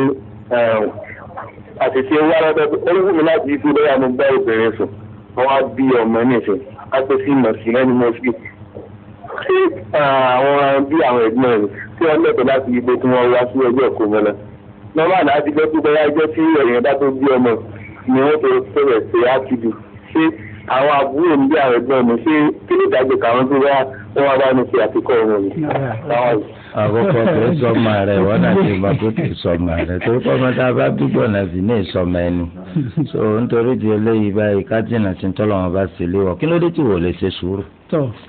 àṣìṣe owó alábẹ́ ó wù mí láti ikú lọ́yà mo bá obìnrin sùn wọ́n á bí ọmọ nísìn á pé sí ìmọ̀ sí lẹ́nu mo fi àwọn bí àwọn ẹ̀gbọ́n rẹ̀ tí wọ́n lẹ́tọ̀ọ́ láti ibo tí wọ́n wá sí ọjọ́ ìkó mọ́ náà. normal láti gbọ́ pé bọ́lá ẹjọ́ ẹ̀yìn bá tó bí ọmọ ni wọ́n tó tẹ̀lẹ̀ pé á ti dù ṣé àwọn àbúrò ń bí àwọn ẹgbẹ́ mi ṣé kí ni ìdájọ́ kàwọn tó bá wọn wá bá mi ṣe àfikọ́ ọmọ mi. àkọ́kọ́ kò sọ ọmọ rẹ̀ wọ́n náà ti mọ̀ pé kò sọ ọmọ rẹ̀ torí pé ọmọ tá a bá dúgbò náà sì ní ìsọmọ ẹni. so nítorí di eléyìí báyìí kájínà ti ń tọ́lọ̀ wọn bá sì léwọ̀ kí ló dé tí wò lè ṣe sùúrù.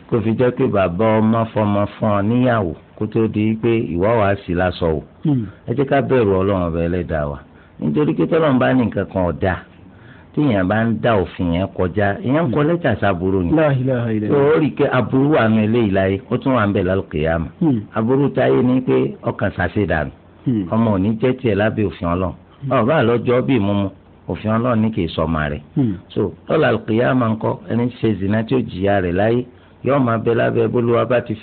kò fi jẹ́ pé bàbá ọmọ fọmọ fún ọ níyàwó kó tó di pé ìwà wàá sì lásọ̀ hmm. ẹ jẹ́ ká bẹ̀rù ọlọ́run ọba ẹlẹ́dàá wa nítorí pé tọ́lọ́run bá ní kan ọ̀dà tíyẹn bá ń da òfin yẹn kọjá ìyẹn kọ lẹ́tà sábúrò ni tó rí i pé aburú wà nù eléyìí láyé ó tún wà ń bẹ̀ lálùkìyàmù hmm. aburú táyé ni pé ọkàn ṣàṣe dànù hmm. ọmọ òní jẹ́ tiẹ̀ lábẹ́ òfin ọlọ́run hmm. ọba àlọ́jọ́ bíi mímu òfin ọlọ́run ní kì í sọ ọmọ rẹ̀ so lọ́la àlùkìyàmù ńkọ ẹni ṣe zina tí ó jìyà rẹ̀ láyé yọ́ọ́ máa bẹ lábẹ́ bólúwa bá ti fi.